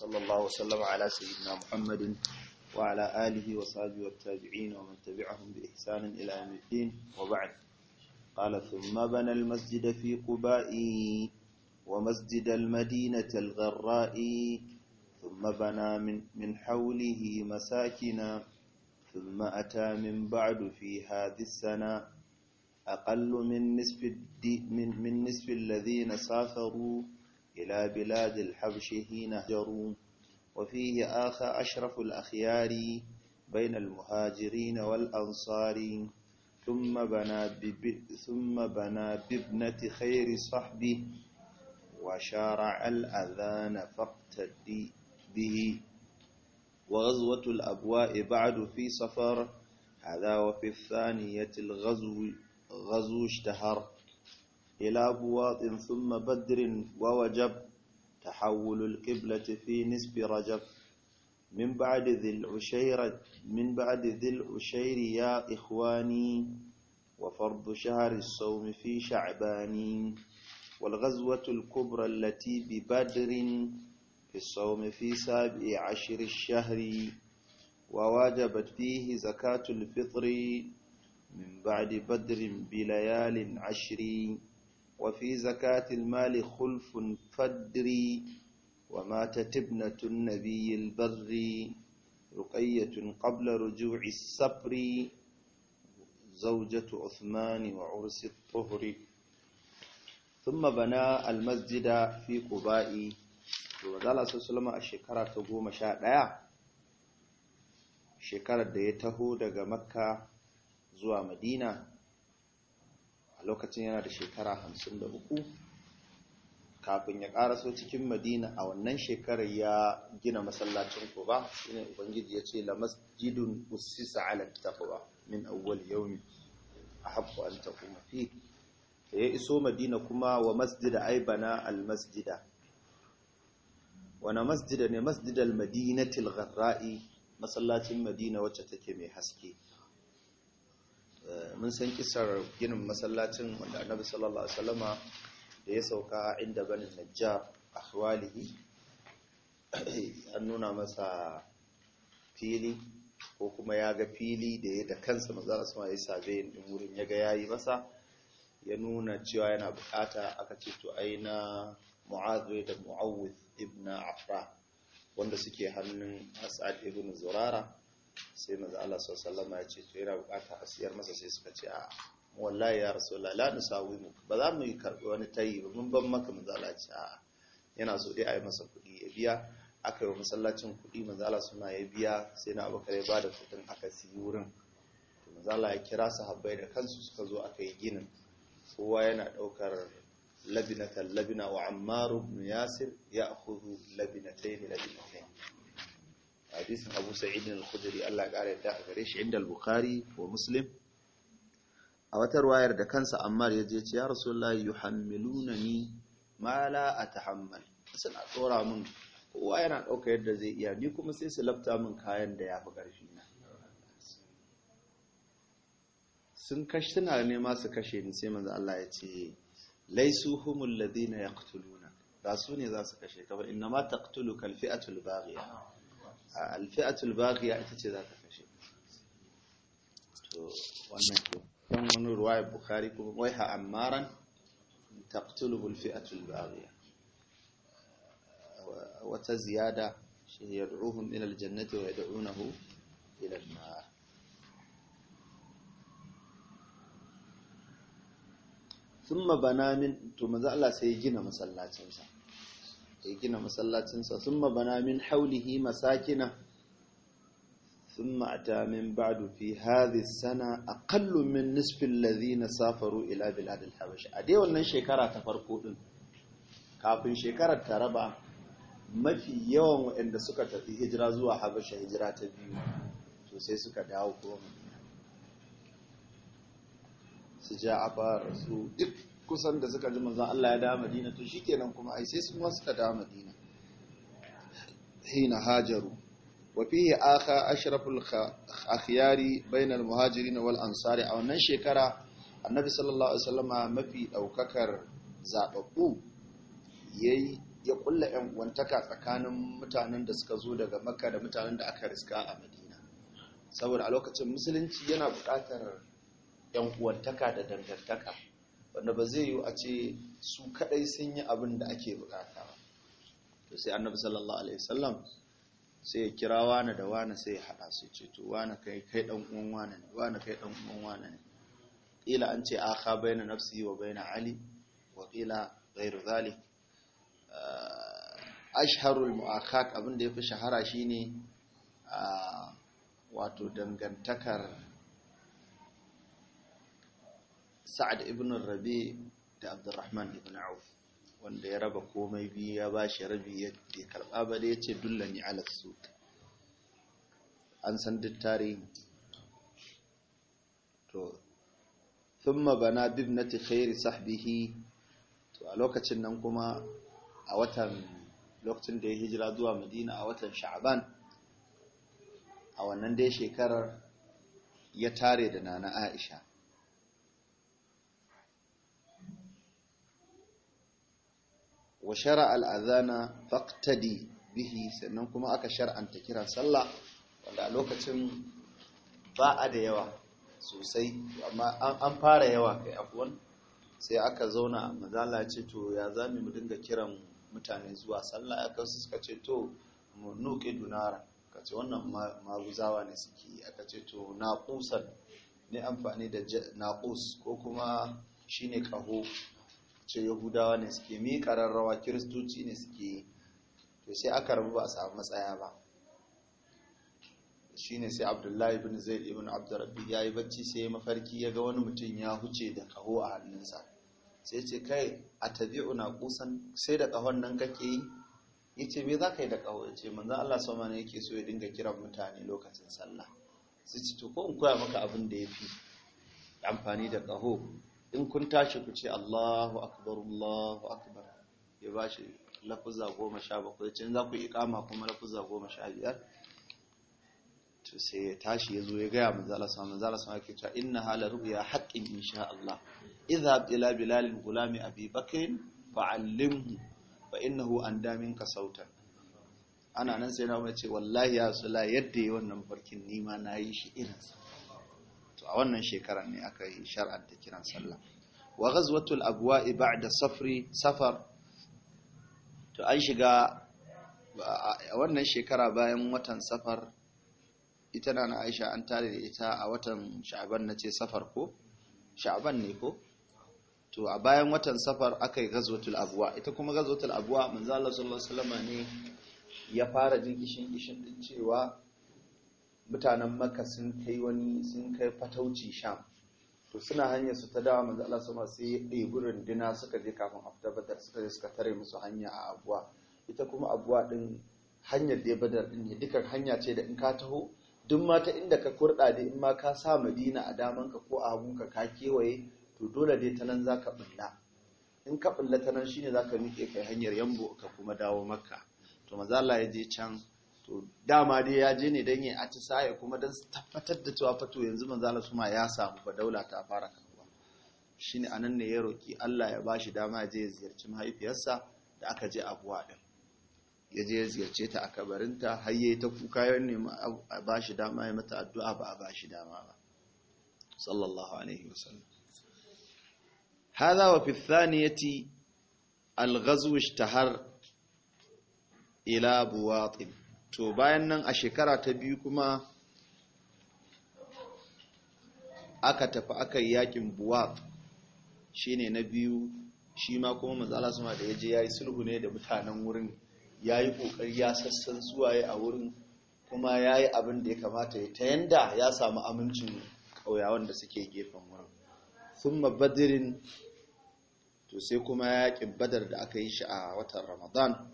صلى الله وسلم على سيدنا محمد وعلى آله وصحبه والتابعين ومن تبعهم بإحسان إلى يوم الدين وبعد قال ثم بنى المسجد في قباء ومسجد المدينة الغراء ثم بنى من, من حوله مساكنا ثم أتى من بعد في هذه السنة أقل من نصف, من, من نصف الذين سافروا إلى بلاد الحبش حين هجروا وفيه آخى أشرف الأخيار بين المهاجرين والأنصار ثم بنى بب... ثم بنى بابنة خير صحبه وشارع الأذان فاقتدي به وغزوة الأبواء بعد في سفر هذا وفي الثانية الغزو غزو اشتهر إلى بواط ثم بدر ووجب تحول القبلة في نسب رجب من بعد ذي العشيرة من بعد ذي العشير يا إخواني وفرض شهر الصوم في شعبان والغزوة الكبرى التي ببدر في الصوم في سابع عشر الشهر وواجبت فيه زكاة الفطر من بعد بدر بليال عشر وفي زكاة المال خلف فدري وماتت ابنة النبي البر رقية قبل رجوع السبر زوجة عثمان وعرس الطهر ثم بنى المسجد في قباء وذلك سلسلما الشكرة تقوم شاء shekarar da ya taho daga makka zuwa madina a lokacin yana da shekara hamsin da uku kafin ya karaso cikin madina a wannan shekarar ya gina masallacin kuba shine ubangiji ya ce la masjidun usisa ala taqwa min awwal yawmi ahabbu an taquma fi ya iso madina kuma wa masjida aibana al masjida wani masjida ne masjidal madinatil gharra'i masallacin madina wacce take mai haske Eh, mun san kisar ginin masallacin wanda annabi sallallahu alaihi wasallama da ya sauka inda banin najjar ahwalihi eh, an nuna masa fili ko kuma ya ga fili da ya da kansa maza su suma ya sabe yin wurin ya ga ya yi masa ya nuna cewa yana bukata aka ce to aina mu'adh da mu'awwidh ibn afra wanda suke hannun as'ad ibn zurara sai maza Allah sallama ya ce to yana bukata a siyar masa sai suka ce a wallahi ya rasu la nusawi mu ba za mu yi karbi wani tayi ba mun ban maka maza Allah ce a yana so dai a yi masa kuɗi ya biya aka yi wa masallacin kuɗi maza Allah suna ya biya sai na abakar ya bada kuɗin aka siyi wurin to maza Allah ya kira sahabbai da kansu suka zo aka yi ginin kowa yana ɗaukar labinatan labina wa ammaru ibn yasir ya akhudhu labinatayn labinatayn hadisin Abu Sa'id al-Khudri Allah ya kare da gare shi inda al-Bukhari wa Muslim a wata ruwayar da kansa Ammar ya je ce ya Rasulullahi yuhammilunani ma la atahammal suna tsora mun kowa yana ɗauka yadda zai iya ni kuma sai su labta min kayan da yafi karfi ƙarfi na sun kashi tana ma su kashe ni sai manzo Allah ya ce laisu humul ladina yaqtuluna ba su ne za su kashe ka ba inna ma taqtuluka al-fi'atu al-baghiya الفئة الباقية أنت تذاك فشيء كم عمارا تقتله الفئة الباقية وتزيادة يدعوهم إلى الجنة ويدعونه إلى النار ثم بنا من ثم ذا الله سيجينا ya gina masallacinsa sun mabana min haulihi masakina sun ma'ata min ba'du fi hadhi sana aqallu min nisfin ladhina safaru ila biladil habasha a dai wannan shekara ta farko din kafin shekarar ta raba mafi yawan waɗanda suka tafi hijira zuwa habasha hijira ta biyu to sai suka dawo kuma su ja a su duk kusan da suka ji manzon Allah ya da Madina to shikenan kuma ai sai sun wasu suka da Madina hina hajaru wa fihi akha ashraful akhyari bainal muhajirin wal ansari a wannan shekara annabi sallallahu alaihi wasallama mafi daukakar zababbu yayi ya kulla yan uwantaka tsakanin mutanen da suka zo daga makka da mutanen da aka riska a madina saboda a lokacin musulunci yana buƙatar yan uwantaka da dangantaka wanda ba zai yi a ce su kadai sun yi abin da ake bukata ba to sai annabi sallallahu alaihi wasallam sai ya kira wani da wani sai ya hada su ce to wani kai kai dan uwan wani ne wani kai dan uwan wani ne kila an ce a ka baina nafsi wa baina ali wa kila ghairu zalik ah, ashharul mu'akhak abin da fi shahara shine ah, wato dangantakar sa'ad ibn rabi da abdurrahman ibn auf wanda ya raba komai biyu ya ba shi rabi ya karba ba da ya ce dullani alassu an san duk tarihi to thumma bana bibnati khairi sahbihi to a lokacin nan kuma a watan lokacin da ya hijira zuwa madina a watan sha'aban a wannan dai shekarar ya tare da nana aisha wa shara al'azana faktadi bihi sannan kuma aka shar'anta kiran sallah wanda a lokacin ba a da yawa sosai amma an fara yawa kai afuwan sai aka zauna mazala ce to ya za mu dinga kiran mutane zuwa sallah aka suka ce to mu nuke dunara ka ce wannan maguzawa ne suke aka ce to naqusan ne amfani da naqus ko kuma shine kaho ce yahudawa ne suke miƙa rarrawa kiristoci ne suke yi to sai aka rabu ba a samu matsaya ba shi ne sai abdullahi bin zaid ibn abdurrabbi ya yi bacci sai ya mafarki ya ga wani mutum ya huce da kaho a hannunsa sai ce kai a tabi'una kusan sai da kahon nan kake yi ya ce me za ka yi da kaho ya ce manzan allah sama ne yake so ya dinga kiran mutane lokacin sallah su ce to ko in koya maka abin da ya fi amfani da kaho in kun tashi ku ce Allahu akbar Allahu akbar ya ba shi lafuza goma sha bakwai can za ku kama kuma lafuza goma sha biyar to sai ya tashi ya zo ya gaya manzala sama manzala sama ke cewa inna hala ru'ya haqqin insha Allah idhhab ila bilal gulam abi bakr fa'allimhu fa innahu anda minka sautan ana nan sai na ce wallahi ya sula yadda yi wannan farkin nima na yi shi irinsa a wannan shekarar ne aka yi da kiran sallah wa ghazwatul abwa'i ba'da safri safar to an shiga a wannan shekara bayan watan safar ita na Aisha an tare da ita a watan Sha'ban nace safar ko Sha'ban ne ko to a bayan watan safar akai ghazwatul abwa ita kuma ghazwatul abwa manzo Allah sallallahu alaihi wasallam ne ya fara jin kishin kishin din cewa mutanen maka sun kai wani sun kai fatauci sham to suna hanyar su ta dawa manzo Allah sama sai ya ɗebi runduna suka je kafin afta badar suka je suka tare musu hanya a abuwa ita kuma abuwa din hanyar da ya badar din ne dukan hanya ce da in ka taho duk ma ta inda ka kurɗa da in ma ka sa madina a damanka ko a hagunka ka kewaye to dole dai ta nan za ka ɓulla in ka ɓulla ta nan shine za ka miƙe kai hanyar yambo ka kuma dawo maka to mazala ya je can to dama dai ya je ne don yi atisaye kuma don tabbatar da cewa fato yanzu manzala suma ya samu ba daula ta fara karuwa shine ne anan ne ya roki Allah ya bashi dama je ya ziyarci mahaifiyarsa da aka je abuwa din ya je ya ziyarce ta a kabarinta har yayi ta kuka ya nemi a bashi dama ya mata addu'a ba a bashi dama ba sallallahu alaihi wasallam هذا وفي الثانية الغزو اشتهر إلى بواطن to bayan nan a shekara ta biyu kuma aka tafi aka yi yakin buwaf ne na biyu shi ma kuma manzala sama da ya je ya yi sulhu ne da mutanen wurin ya yi ƙoƙari ya sassan suwaye a wurin kuma ya yi abin da ya kamata ya ta yanda ya samu amincin ƙauyawan da suke gefen wurin sun mabadirin to sai kuma yakin badar da aka yi shi a watan ramadan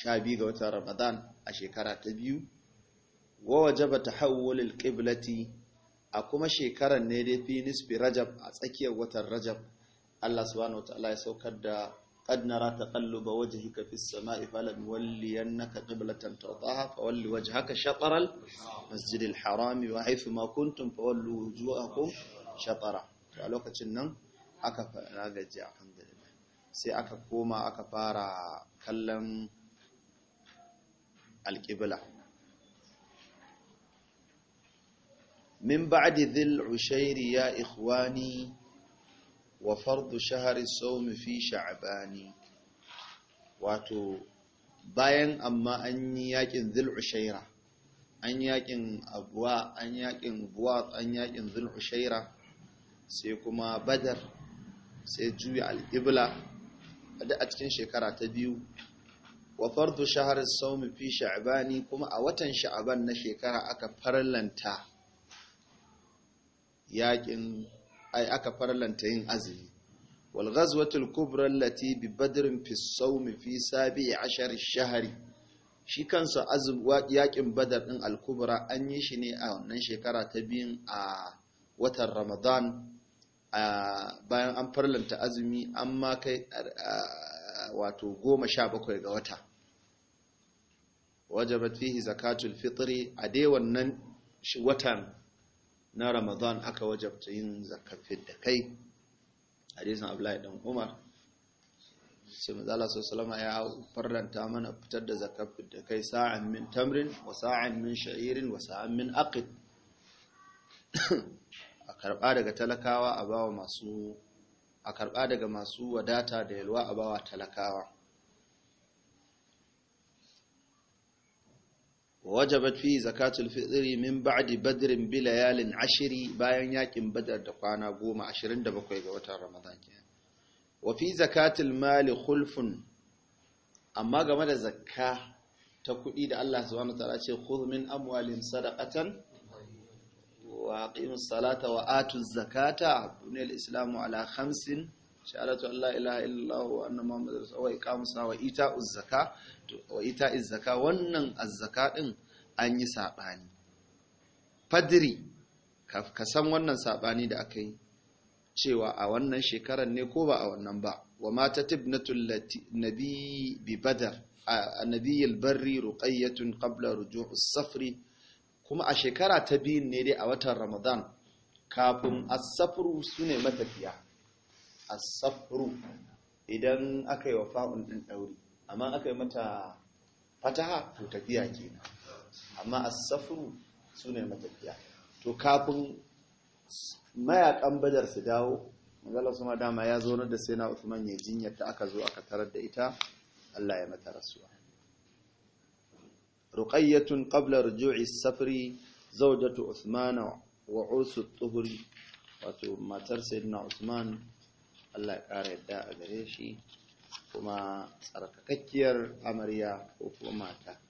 sha biyu ga watan ramadan a shekara ta biyu wa wajaba tahawwul alqiblati a kuma shekarar ne dai fi nisfi rajab a tsakiyar watan rajab Allah subhanahu wataala ya saukar da qad nara taqalluba wajhika fis sama'i falanwalliyannaka qiblatan tardaha walli wajhaka shatral masjidil harami wa haythu ma kuntum fawallu wujuhakum shatara a lokacin nan aka fara gaji alhamdulillah sai aka koma aka fara kallon alƙibla min ba'di dhil ushairi ya ikhwani wa fardu shahari sawmi fi sha'bani wato bayan amma an yi yakin dhil ushaira an yakin abuwa an yakin buwat an yakin dhil ushaira sai kuma badar sai juya alƙibla a cikin shekara ta biyu wa fardu shahar saumi fi sha'bani kuma a watan sha'aban na shekara aka farlanta yakin ai aka farlanta yin azumi wal ghazwatul kubra allati bi badrin fi saumi fi sabi ashar shahri shi kansa azum yakin badar din al kubra an yi shi ne a wannan shekara ta biyun a watan ramadan bayan an farlanta azumi amma kai wato goma sha bakwai ga wata wajabat fihi zakatul fitri a dai wannan watan na Ramadan aka wajabta yin zakat da kai hadisin Abdullahi dan Umar sai mazala Allah salama ya farranta mana fitar da zakat da kai sa'an min tamrin wa sa'an min sha'irin wa sa'an min aqid a karba daga talakawa a bawa masu a karba daga masu wadata da yalwa a bawa talakawa wajabat fi zakatul fitri min ba'di badrin bi layalin ashiri bayan yakin badar da kwana goma ashirin da bakwai ga watan ramadan kenan wa fi zakatul mali khulfun amma game da zakka ta kuɗi da Allah subhanahu wa ta'ala ce khudh min amwalin sadaqatan wa aqimus salata wa atuz zakata al islamu ala khamsin shahadatu an la ilaha illallah wa anna muhammadar wa iqamusa wa ita'uz zaka wa ita izzaka wannan azzaka din an yi sabani fadri ka san wannan sabani da aka yi cewa a wannan shekarar ne ko ba a wannan ba wa mata tibnatul nabi bi badar annabi albarri ruqayyatun qabla ruju'us safri kuma a shekara ta biyun ne dai a watan ramadan kafin asafru su ne matafiya asafru idan aka yi wa fa'un ɗin ɗauri amma aka yi mata fataha to tafiya kenan amma as-safru sune matafiya to kafin mayakan badar su dawo su ma dama ya zo da sai na Usman ya jinyar ta aka zo aka tarar da ita Allah ya mata rasuwa ruqayyatun qabla ruju'i safri zawjatu Uthman wa Usu wato matar sayyidina Usman. Allah ya ƙara yadda a gare shi kuma tsarkakakkiyar amarya ko kuma mata